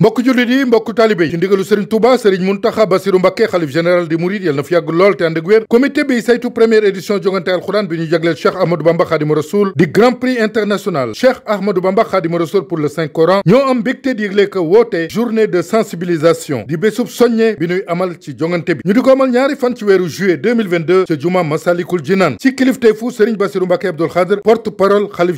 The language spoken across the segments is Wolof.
mbokk jullit yi mbokk taalibe yi ci ndigalu sëriñ Touba sëriñ Muntaxa Basiru Mbakke xalif général di Mouride yal na fi yàgg lool te ànd ak wér comité bi saytu première édition jongante alxuraan bi ñu jagleel Cheikh Ahmadou Bamba Xaadimu Rasul di grand prix international Cheikh Ahmadou Bamba Xaadimu Rasul pour le Saint Coran ñoo am mbégte di yëgle ko woote journée de sensibilisation di bésub soññe bi ñuy amal ci jongante bi ñu di ko amal ñaari fan ci weeru juillet 2022 ca juma Masalikul Jinaan ci kilifteefu sëriñ Basiru Mbakke Abdul Xaadir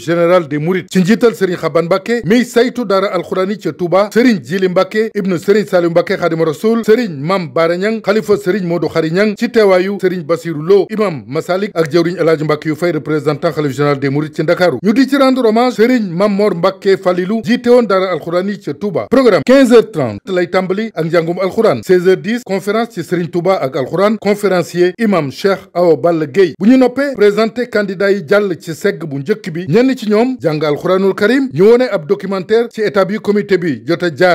général di Mouride ci njiital sëriñ Xaban Mbakke miy saytu daara alxuraan yi ca Touba sëriñ Jili Mbàkke ibnu Serigne Saliou Mbàkke Xaadimu Rasuul Serigne Mame Bara xalifa Serigne Modou Khary ci teewaayu Serigne Bassirou Lo imam Masalik ak jëwriñ El Hadj yu fay représentant xalif général des ci Ndakaaru ñu di ci rendre hommage Serigne Mamor Mbàkke Falilu jiite woon daara alxuraan yi ca Touba programme 15h30 lay tàmbali ak njàngum alxuraan 16 h ci bu ñu segg bu njëkk bi ñenn ci ñoom jàng alxuraanul karim ñu wone ab documentaire ci étape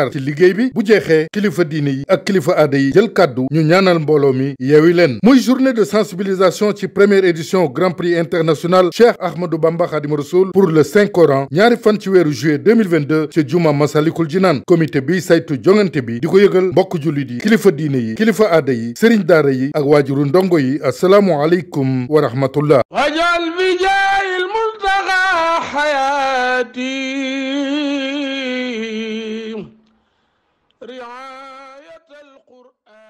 yaakaar ci liggéey bi bu jeexee kilifa diine yi ak kilifa aada yi jël kàddu ñu ñaanal mbooloo mi yeewi leen muy journée de sensibilisation ci première édition grand prix international Cheikh Ahmadou Bamba Khadim Rassoul pour le Saint Coran ñaari fan ci weeru juillet 2022 ci juma Masalikul Jinaan comité bi saytu jongante bi di ko yëgal mbokk jullit yi kilifa diine yi kilifa aada yi sëriñ daara yi ak waajuru ndongo yi asalaamu aleykum wa rahmatullah alquran euh,